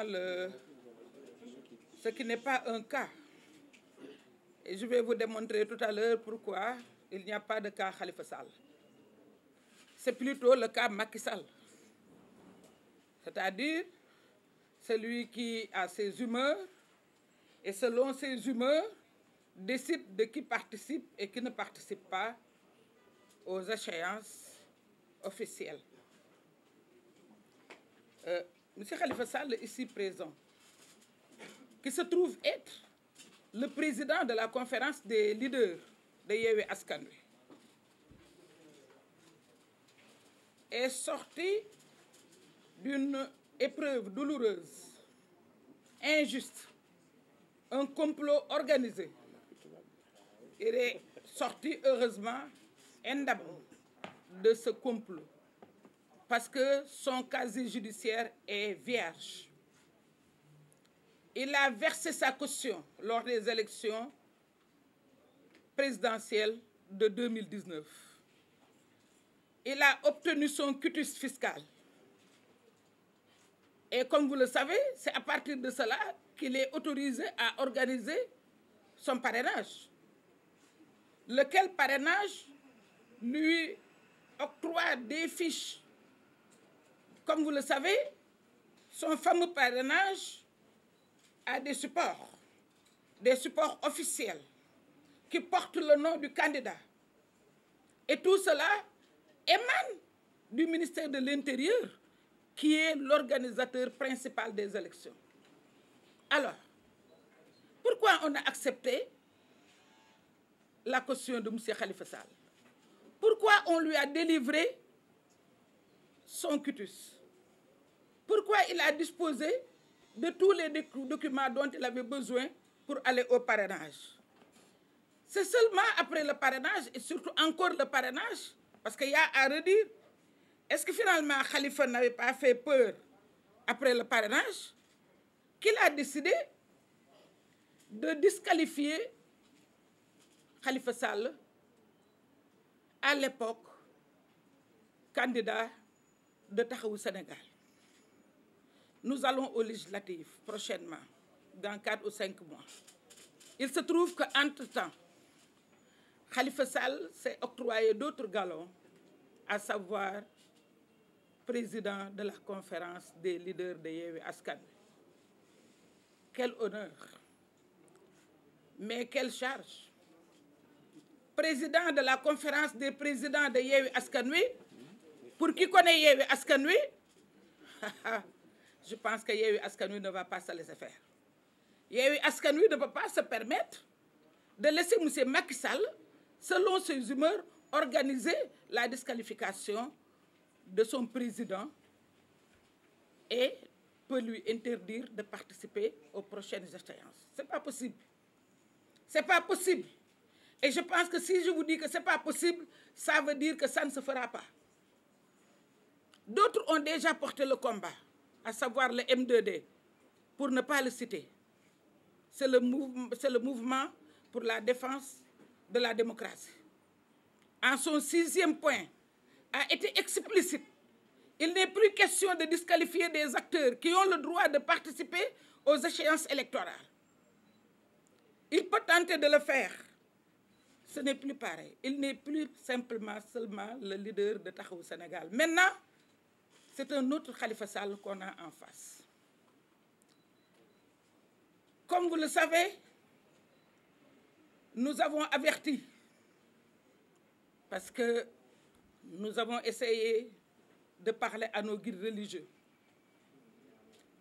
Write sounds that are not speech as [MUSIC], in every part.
vraiment le ce qui n'est pas un cas. Et je vais vous démontrer tout à l'heure pourquoi il n'y a pas de cas Khalifa Sall. C'est plutôt le cas Macky Sall. C'est-à-dire celui qui a ses humeurs et selon ses humeurs décide de qui participe et qui ne participe pas aux échéances officielles. Euh, Monsieur Khalifa Sall, ici présent, qui se trouve être le président de la conférence des leaders de Yewe Askanwe, est sorti d'une épreuve douloureuse, injuste, un complot organisé. Il est sorti, heureusement, indemne de ce complot. parce que son casier judiciaire est vierge. Il a versé sa caution lors des élections présidentielles de 2019. Il a obtenu son cutus fiscal. Et comme vous le savez, c'est à partir de cela qu'il est autorisé à organiser son parrainage, lequel parrainage lui octroie des fiches comme vous le savez, son fameux parrainage a des supports, des supports officiels qui portent le nom du candidat. Et tout cela émane du ministère de l'Intérieur qui est l'organisateur principal des élections. Alors, pourquoi on a accepté la caution de M. Khalifa Sall Pourquoi on lui a délivré son cutus Pourquoi il a disposé de tous les documents dont il avait besoin pour aller au parrainage C'est seulement après le parrainage, et surtout encore le parrainage, parce qu'il y a à redire, est-ce que finalement Khalifa n'avait pas fait peur après le parrainage qu'il a décidé de disqualifier Khalifa Sall, à l'époque candidat de Taxawu Sénégal Nous allons aux législatives prochainement, dans 4 ou 5 mois. Il se trouve qu'entre-temps, Khalifa Sall s'est octroyé d'autres galons, à savoir président de la conférence des leaders de Yewi Askan. Quel honneur, mais quelle charge. Président de la conférence des présidents de Yewi Askanui, pour qui connaît Yewi Askanui [LAUGHS] je pense que Yewwi Askan Wi ne va pas se laisser faire Yewwi Askan Wi ne peut pas se permettre de laisser monsieur Macky Sall selon ses humeurs organiser la disqualification de son président et peut lui interdire de participer aux prochaines échéances c'est pas possible c'est pas possible et je pense que si je vous dis que c'est pas possible ça veut dire que ça ne se fera pas d'autres ont déjà porté le combat à savoir le M2D, pour ne pas le citer. C'est le, le, mouvement pour la défense de la démocratie. En son sixième point, a été explicite. Il n'est plus question de disqualifier des acteurs qui ont le droit de participer aux échéances électorales. Il peut tenter de le faire. Ce n'est plus pareil. Il n'est plus simplement seulement le leader de Tahoe Sénégal. Maintenant, c'est un autre Khalifa Sall qu'on a en face. Comme vous le savez, nous avons averti parce que nous avons essayé de parler à nos guides religieux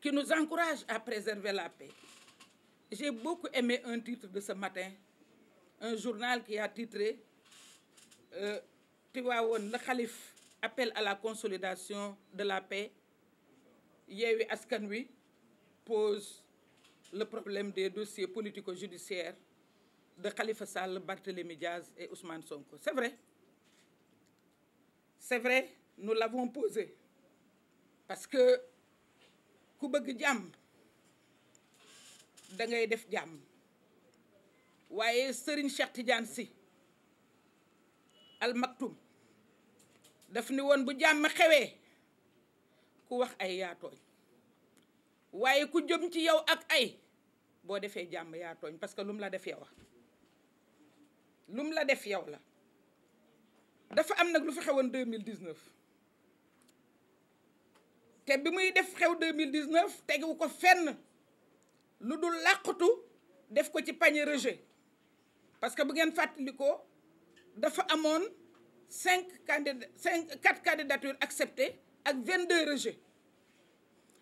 qui nous encouragent à préserver la paix. J'ai beaucoup aimé un titre de ce matin, un journal qui a titré euh, le calife appel à la consolidation de la paix Yewwi Askan Wi pose le problème des dossiers politico-judiciaires de xalifa Sall, Barthélémy Diaz et Ousmane Sonko. C'est vrai. C'est vrai, nu l'avons posé. Parce que ku bëgg jàmm da ngay def jàmm waaye Serigne Cheikh si Sy Al Maktoum daf ni woon bu jàmm xewee ku wax ay yaa waaye ku jëm ci yow ak ay boo defee jàmm yaa tooñ parce que lum la def yow lum la def yow la dafa am nag lu fi xewoon deux mille dix neuf te bi muy def xew deux mille dix neuf tegewu ko fenn lu dul làqutu def ko ci panier rejet parce que bu ngeen fàttalikoo dafa amoon. cinq candidats cinq quatre candidatures acceptées ak vingt deux rejets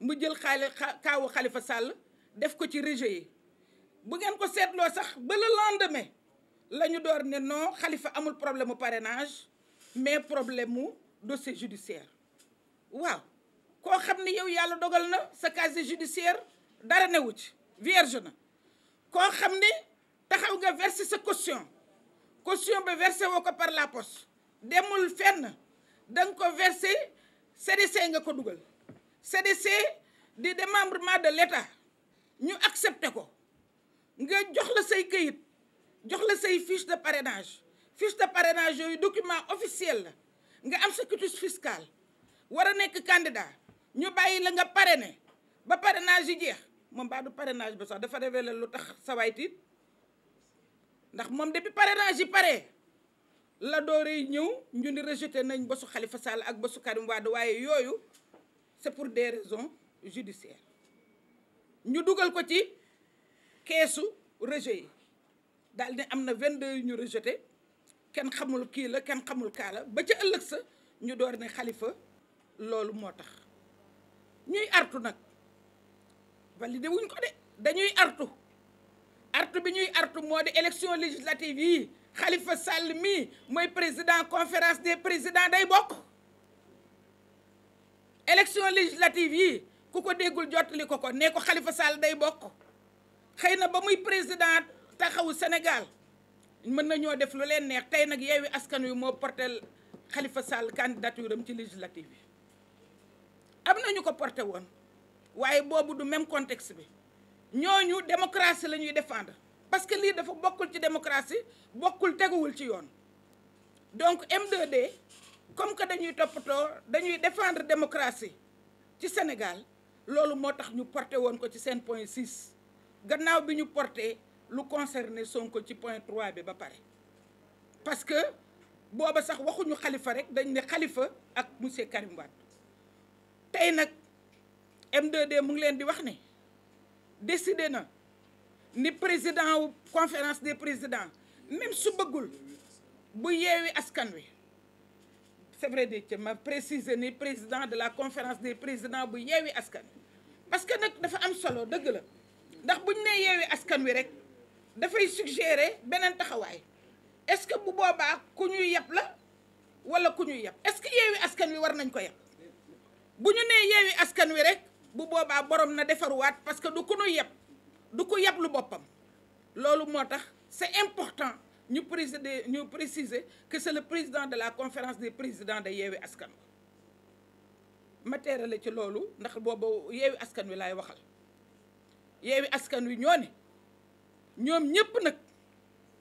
mu jël xaali kaawu Khalifa Sall def ko ci rejet yi bu ngeen ko seetloo sax ba le lendemain la ñu door ne noo Khalifa amul problème mu parenage mais problème mu dossier judiciaire waaw koo xam ni yow yàlla dogal na sa casier judiciaire dara newu ci vierge na koo xam ne taxaw nga verser sa caution caution ba versé woo ko par la poste demul fenn danga ko versé CDC nga ko dugal CDC di démembrement de l'État ñu accepté ko nga jox la say këyit jox la say fiche de parrainage fiche de parrainage yooyu document officiel la nga am sa quitus fiscal war a nekk candidat ñu bàyyi la nga pare ne ba parrainage yi jeex moom baa du parrainage ba sax dafa la lu tax sawaay tiit ndax moom depuis parrainage yi pare la dooree ñëw ñu ni rejeté nañ ba xalifa Khalifa ak ba su waa Wade waaye yooyu c'est pour des raisons judiciaires ñu dugal ko ci keesu rejet yi daal di am na 22 yu ñu rejeté kenn xamul kii la kenn xamul kaa la ba ca ëllëg sa ñu door ne xalifa loolu moo tax ñuy artu nag validé wuñ ko de dañuy artu artu bi ñuy artu moo de élection législative yii Khalifa Sall mii mooy président conférence des président day bokk élection législative yi ku ko déggul jottali ko ko nee ko Khalifa Sall day bokk xëy na ba muy président taxawu Sénégal mën na ñoo def lu leen neex tey nag Yewwi Askan Wi moo portel Khalifa Sall candidature am ci législative yi am nañu ko porté woon waaye boobu du même contexte bi ñooñu démocratie la ñuy défendre parce que lii dafa bokkul ci démocratie bokkul teguwul ci yoon donc m comme que dañuy toppatoo dañuy défendre démocratie ci Sénégal loolu moo tax ñu porté woon ko ci seen point 6 gannaaw bi ñu porté lu concerné Sonko ci point 3 bi ba pare parce que booba sax waxuñu xalifa rek dañ de xalifa ak monsieur Karim Wade tey nag m mu ngi leen di wax ni décidé na ni président wu conférence des président même su bëggul bu yeewi askan wi c'est vrai de ma présiser ni président de la conférence des président bu yeewi askan parce que nag dafa am solo dëgg la ndax buñ nee yeewi askan wi rek dafay suggérer beneen taxawaay est-ce que bu boobaa ku ñuy yab la wala ku ñuy yab est-ce que yeewi askan wi war nañ ko yab bu ñu nee yeewi askan wi rek bu boobaa borom na defaruwaat parce que du ku ñuy yab. du ko yablu boppam loolu moo tax c'est important ñu présider ñu préciser que c'est le président de la conférence des président de Yewwi Askan Wi ma teerale ci loolu ndax boobu Yewwi Askan Wi laay waxal Yewwi Askan Wi ñoo ne ñoom ñëpp nag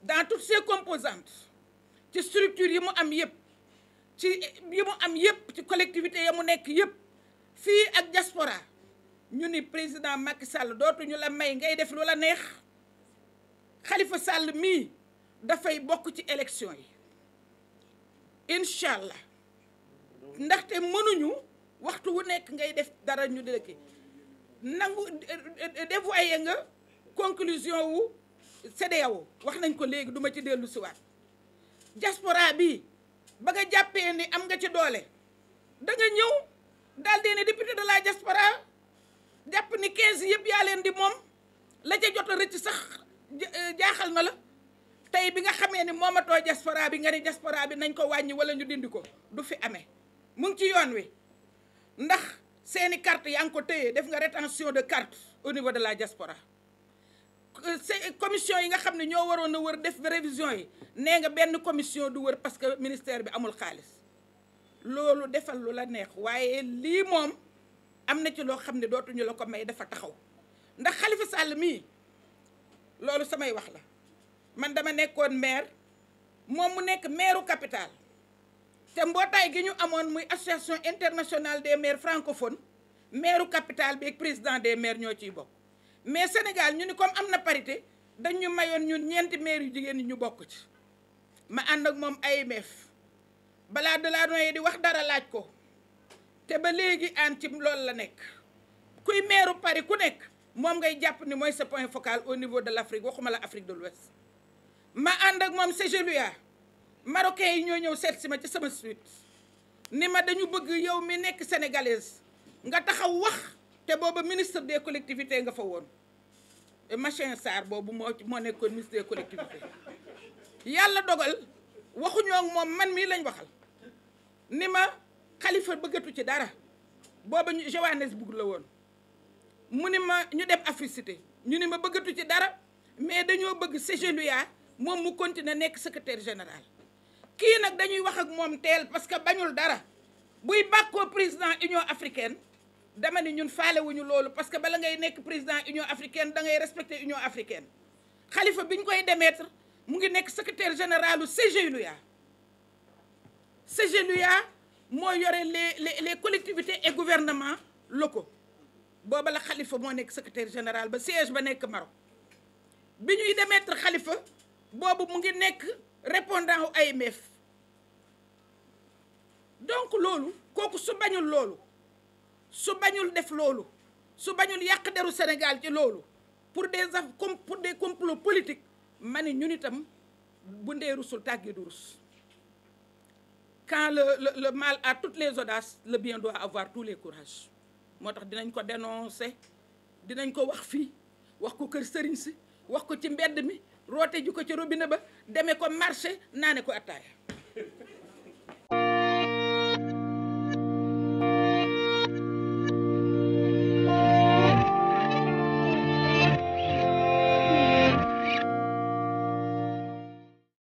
dans toutes ses composantes ci structure yi mu am yëpp ci yi mu am yëpp ci collectivité ya mu nekk yëpp fii ak diaspora ñu ni président Macky Sall dootuñu la may ngay def lu la neex Khalifa sàll mii dafay bokk ci élection yi incha ndaxte mënuñu waxtu wu nekk ngay def dara ñu dëkki nangu dévoyé nga conclusion wu CEDEAO wax nañ ko léegi duma ci dellu siwaat diaspora bi ba nga jàppee ni am nga ci doole da nga ñëw daal di ne député de la diaspora jàpp ni 15 yëpp yaa leen di moom la ca jot a rëcc sax euh, jaaxal na la tey bi nga xamee ni moomatoo diaspora bi nga ni diaspora bi nañ ko wàññi wala ñu dindi ko du fi amee mu ngi ci yoon wi ndax seeni carte yaa ngi ko téye def nga rétention de carte au niveau de la diaspora euh, euh, commission yi nga xam ne ñoo waroon a wër def révision yi nee nga benn commission du wër parce que ministère bi amul xaalis loolu defal lu la neex waaye lii moom am na ci loo xam ne dootuñu la ko may dafa taxaw ndax xalifa Sall mii loolu samay wax la man dama nekkoon maire moom mu nekk maireu capital te mbootaay gi ñu amoon muy association internationale des maire francophones maireu capital bi ak président des maire ñoo ciy bokk mais Sénégal ñu ni comme am na parité dañu mayoon ñun ñeenti maire yu jigéen ñu bokk ci ma ànd ak moom AMF balaa de la noyé di wax dara laaj ko te ba léegi aan ci loolu la nekk kuy meeru Paris ku nekk moom ngay jàpp ni mooy sa point focal au niveau de l' Afrique waxuma la Afrique de l'Ouest ma ànd ak moom CGLUA marocain yi ñoo ñëw seet si ma ci sama suite ni ma dañu bëgg yow mi nekk sénégalaise nga taxaw wax te booba ministre des collectivités nga fa woon Machin Sarr boobu moo moo nekkoon ministre des collectivités yàlla dogal waxuñoo ak moom man mii lañ waxal ni ma xalifa bëggatu ci dara booba ñu Johannesburg la woon mu ni ma ñu dem Africité ñu ni ma bëggatu ci dara mais dañoo bëgg CGLUA moom mu continuer nekk secretaire général kii nag dañuy wax ak moom teel parce que bañul dara buy bàkkoo président Union africaine dama ni ñun faalewuñu loolu parce que bala ngay nekk président Union africaine dangay ngay respecter Union africaine xalifa bi ñu koy demetre mu ngi nekk secrétaire généralu CGLUA CGLUA moo yore les les les collectivités et gouvernements locaux booba la xalifa moo nekk secretaire général ba siège ba nekk Maroc bi ñuy démettre xalifa boobu mu ngi nekk répondant ay AMF donc loolu kooku su bañul loolu su bañul def loolu su bañul yàq deru Sénégal ci loolu pour des af pour des complots politiques ma ñun itam bu ndee rusul tàggee du rus quand le le le mal à toutes les audaces le bien doit avoir tous les courages moo tax dinañ ko dénoncer dinañ ko wax fii wax ko kër sëriñ si wax ko ci mbedd mi roote ju ko ci robinet ba demee ko marché naane ko attaaya